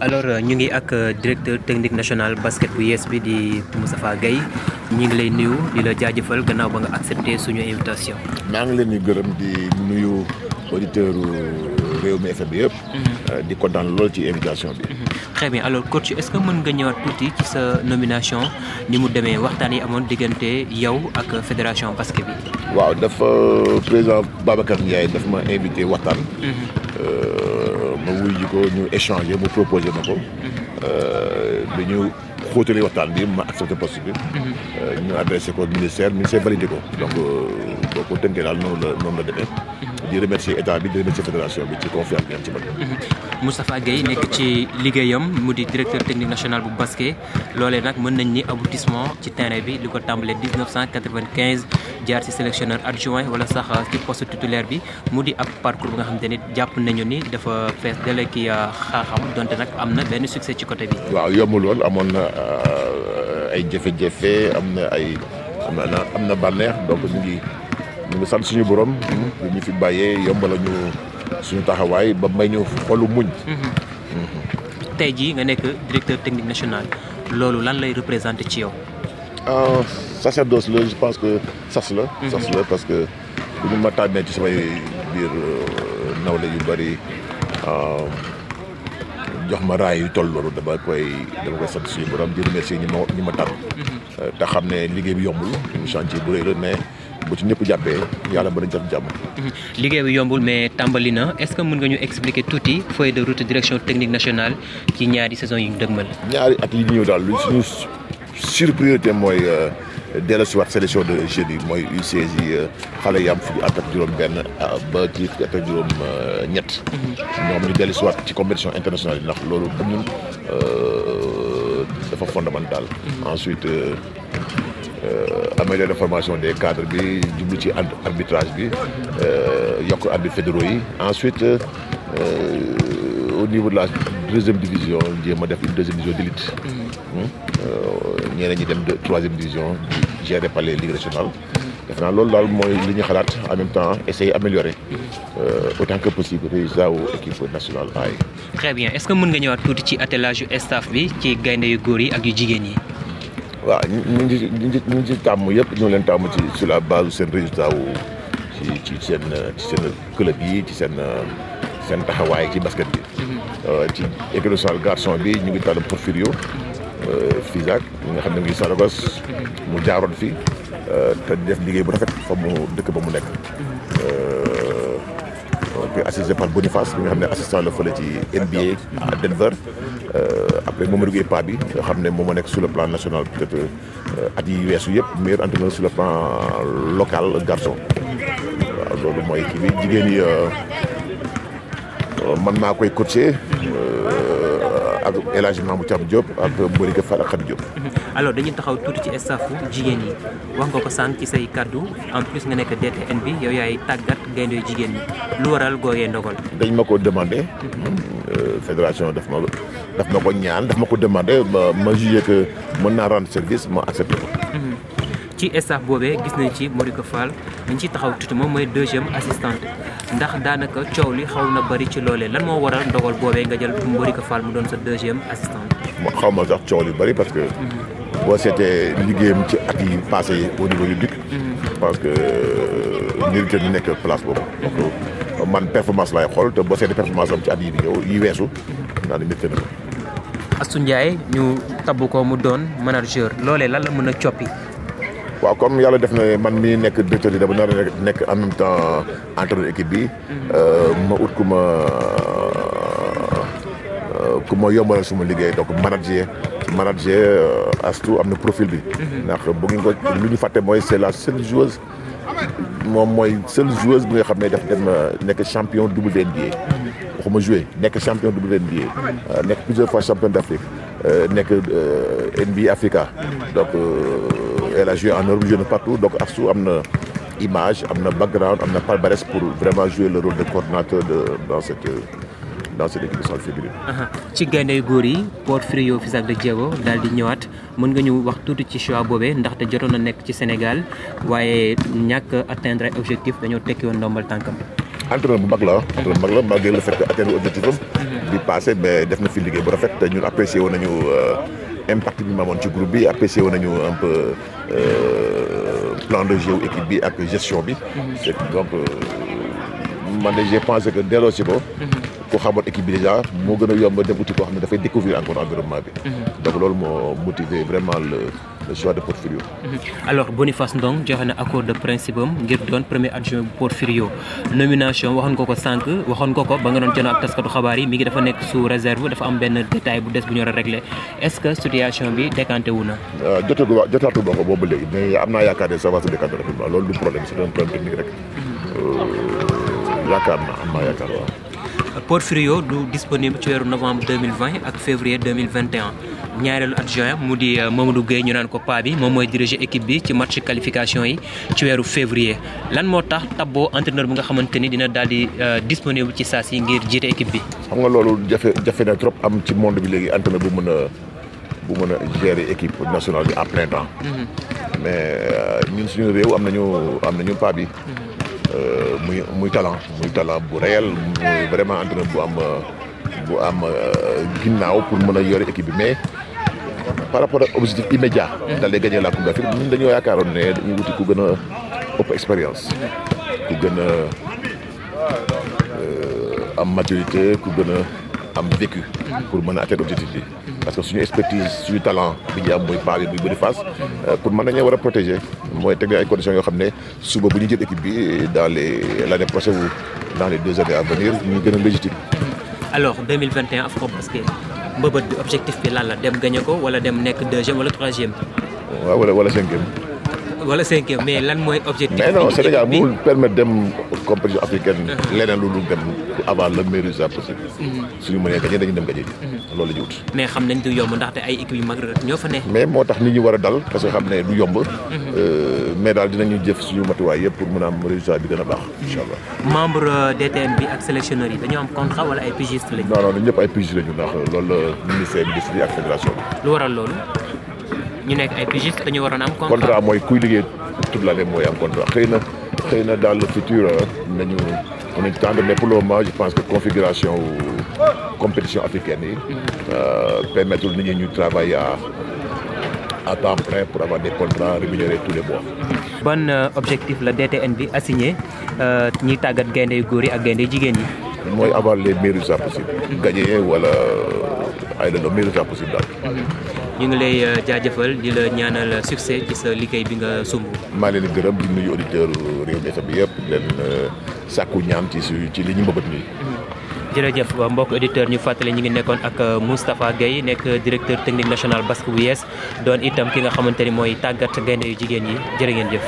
alors euh, ñu ngi ak euh, directeur technique national basket bu yees bi di Moustapha Gaye ñu ngi lay nuyu di la jaajëfal gannaaw ba nga accepté suñu invitation. maa ngi leen ñu gërëm di nuyu auditeurs réew mi bi yëpp. Mhm. Euh, di kontaan lool ci invitation bi. Mhm. très bien alors coach est-ce que mën nga ñëwaat tuuti ci sa nomination ni mu demee waxtaan yi amoon diggante yow ak fédération basket bi. waaw dafa président Babacar Ndiaye daf ma invité waxtaan. Mhm. ma ji ko ñu échanger mu proposé ma ko. bi euh, ñu xóotalee waxtaan bi ma accepté poste bi. Euh, ñu adressé ko ministère ministère validé ko. donc euh, ko tënkee daal noonu la noonu la demee. Mhm. di remercier état bi di remercier fédération bi ci confiance bi ci man. Mhm. Moustapha Gueye nekk ci liggéeyam mu di directeur technique national bu basket loolee nag mën nañ ni aboutissement ci terrain bi li ko tàmbalee 1995 jaar ci sélectionneur adjoint wala sax ci poste titulaire bi mu di ab parcours bi nga xamante ni jàpp nañu ni dafa fees dale ki xaaxam donte nag am na benn succès ci côté bi. waaw yombul woon amoon na euh, ay jafe-jafe am na ay am na am na bànneex donc ñu ngi sant suñu borom. Mm-hmm. ñu fi bàyyee yombal ñu. suñu taxawaay ba may ñu xolu muñ. Mm-hmm. tey jii nga nekk directeur technique national loolu lan lay représenté ci yow. ah sacerdoce la que sas la. Mm-hmm. sas parce que bu ñu ma tànnee ci samay biir euh, nawle yu bari euh, jox ma raay yu toll loolu dama koy dama koy sant suñu di remercier ñi ma ñi mm-hmm. euh, xam ne liggéey bi yombul chantier bu rëy la mais. bu ci ñëpp jàppee yàlla mën a jàpp jàmm. liggéey bi yombul mais tàmbali na est-ce que mën nga ñu expliquer tuuti feuille de route direction technique nationale ci ñaari saison yi yu ñu dëgmal. ñaari at yi ñëw daal lu suñu sur priorité mooy euh, dellu si waat sélection de jeunes yi mooy U16 yi euh, xale yi am fukki at ak juróom-benn euh, ba ci fukki at ak juróom-ñett. moom mhm. ñu dellu si ci compétition internationale yi ndax loolu pour ñun dafa fondamental. Mhm. ensuite. Euh, améliorer formation des cadres bi jublu ci arbitrage bi euh, yokk arbitre fédéraux yi ensuite euh, au niveau de la deuxième division jéem a def une deuxième division d'élite mm-hmm. ñeneen dem de troisième division gérée par les ligues régionales def naa loolu daal mooy li xalaat en même temps essayer améliorer autant que possible résultat wu équipe nationale A très bien est-ce que mën nga ñëwaat tuuti ci attelage yu staff bi ci gaynde yu góor yi ak yu jigéen yi. waaw ñu ngi ci ñu ngi ci tàmm yëpp ñu leen tàmm ci sur la base seen résultat wu ci ci seen ci seen club yi ci seen seen taxawaay ci basket bi. Mhm. Euh, ci équipe nationale garçon bi ñu ngi tànn Porfirio euh, Fisac mi nga xam ne ngi Saragosse mu jaaroon fi euh, te def liggéey bu rafet fa mu dëkk ba mu nekk. Mhm. puis assisté par Boniface bi nga xam ne assistant la fële ci NBA à Denver euh, après Mamadou Gueye Pa bi xam ne moom moo nekk sur le plan national peut-être euh, at yi weesu yëpp meilleur entraîneur sur le plan local garçon waaw loolu mooy kii bi jigéen ñi euh, man maa koy coacher ak El Hadj Mamou Thiam Diop ak Morick Fall ak Khady Diop. alors dañuy taxaw tuuti ci staffu jigéen yi wax nga ko sànq ci say kaddu en plus nga nekk DTN bi yow yaay tàggat gaynde jigéen ñi lu waral gooyee ndogal. dañ ma ko demandé. Mhm. fédération daf ma daf ma ko ñaan daf ma ko demandé ma ma jugé que mën naa rendre service ma accepté ci staff boobee gis nañ ci Morika Fall dañ ci taxaw tuuti moom mooy deuxième assistante ndax daanaka coow li xaw na bari ci loolee lan moo waral ndogal boobee nga jël Morika Fall mu doon sa deuxième assistante. xaw ma sax coow li bari parce que. Mhm. boo seetee liggéeyam ci at yi passé yi au niveau du DIC. parce mhm. que euh, ngir mhm. euh, man performance laay xool te boo seetee performance am ci at yi bi ñëw yi weesu. naa ne métti ko. Astou Ndiaye ñu tabbu ko mu doon manager loolee lan la mën a coppi. waaw comme yàlla def na man mii nekk directeur yi dama nar nekk en même temps entraîneur équipe bi. Euh, ma ut ku ma euh, ku ma yombalal suma liggéey donc manager manager euh, astu am na profil bi. Mhm. ndax bu ngeen ko lu ñu fàtte mooy c'est la seule joueuse. moom mooy seule joueuse bu nga xam ne def dem nekk champion WNBA. waxuma joué nekk champion WNBA. nekk plusieurs fois champion d'Afrique. nekk NBA Africa donc. elle a joué en Europe joué na partout donc Astou am na image am na background am na palmarès pour vraiment jouer le rôle de coordinateur de dans cette équipe de salle féminine. ci gaynde yu góor yi Port Frio Fisac de Diego daal di ñëwaat mën nga ñu wax tuuti ci choix boobee ndaxte jotoon na nekk ci Sénégal waaye ñàkk atteindre ay objectifs dañoo tekki woon ndombal tànkam. entraîneur bu mag la ah. entraîneur mag la malgré le fait que atteindre objectif am. di mhm. passé mais def na fi liggéey bu rafet te ñun apprécié nañu. Euh, impact bi mu amoon ci groupe bi apprécié wu nañu un peu euh, plan de jeu équipe bi ak gestion bi. Mhm. donc euh, man de j'ai pensé que delloo si ko. Mhm. ku xamoon équipe bi déjà moo gën a yomb dem uti koo xam ne dafay découvrir encore environnement bi mhm. donc loolu moo motiver vraiment le le de Porfirio mhm. alors Boniface Ndong joxe na accord de principe ngir doon premier adjoint bu Porfirio nomination waxoon nga ko sànq waxoon nga ko ba nga doon jono ak taskatu xabaar yi mi ngi dafa nekk sous réserve dafa am benn détail bu des bu ñu a régler est-ce que situation bi décanté na euh, jotagu jotaatu ko boobu Porfirio du disponible ci weeru novembre 2020 ak février 2021 ñaareelu adjoint mu di euh, Mamadou Gueye ñu naan ko paa bi moom mooy diriger équipe bi ci match qualification yi ci weeru février lan moo tax tabboo entraîneur bi nga xamante ni dina daal di euh, disponible ci saa si ngir jiite équipe bi. xam nga loolu jafe jafe na trop am ci monde bi léegi entraîneur bu mën a bu a gérer équipe nationale bi en plein temps. Mhm. mais euh, ñun suñu réew am nañu am nañu paa bi. Mhm. Euh, muy muy talent muy talent bu réel muy vraiment entraîneur bu am bu am euh, ginnaaw pour mën a yore équipe bi mais par rapport ak objectif immédiat. daal di gagné la Coupe d'Afrique ñun dañoo yaakaaroon ne dañuy wuti ku gën a ëpp expérience. ku gën a euh, am maturité ku gën am vécu pour mën a atteindre objectif bi parce que suñu expertise suñu talent bi ñu am mooy paa bi muy bëri face euh, pour mën nañoo war a protéger mooy teg ay conditions yoo xam ne suba bu ñu jël équipe bi dans les l' année prochaine ou dans les deux années à venir ñu gën a légitime alors 2021 AFCON parce que mbëbët objectif bi lan dem gagné ko wala dem nekk deuxième wala troisième wala wala cinquième wala cinquième mais lan mooy objectif. mais non Sénégal mënul permettre dem compétition africaine. leneen lu dul dem avant le meilleur résultat mhm. suñu mënee gagné mhm. la ñu wut. mais xam nañ moo tax nit ñi war a dal parce que xam ne du yomb. Mhm. Euh, mais daal dinañu jëf suñu matuwaay yëpp pour a am résultat bi gën a baax. incha allah membre euh, DTN bi ak sélectionneur yi dañoo am contrat wala ay pigiste lañu. non non ñun ñëpp ay pigiste lañu ndax loolu la ministère bi ak fédération bi. ñu nekk ay pigiste dañu waroon am contra mooy kuy liggéey toute l'année mooy am contrat xëy na xëy na dans le futur nañu on est tendre mais le moment je pense que configuration compétition africaine yi. Mm-hmm. Euh, permettre nit ñu travailler à à temps plein pour avoir des contrats tous les mois. Mm-hmm. ban euh, objectif la DTN bi assigné euh, ñiy tàggat gaynde yu góor yi ak gaynde yu jigéen yi. mooy avoir les meilleurs sa possibles. Mm-hmm. gagner wala euh, ay le meilleur sa possible daal. ñu ngi lay euh, jaajëfal di la ñaanal succès ci sa liggéey bi nga sumb. maa leen gërëm di nuyu auditeur réew mi bi yëpp leen euh, sàkku ñaam ci ci li ñu mbëbët nii. Mm-hmm. jërëjëf mbokk auditeur ñu fàttali ñu ngi nekkoon ak euh, Moustapha Guèye nekk directeur technique national basque bu yees doon itam ki nga xamante ni mooy tàggat gaynde yu jigéen yi jërë ngeen jëf.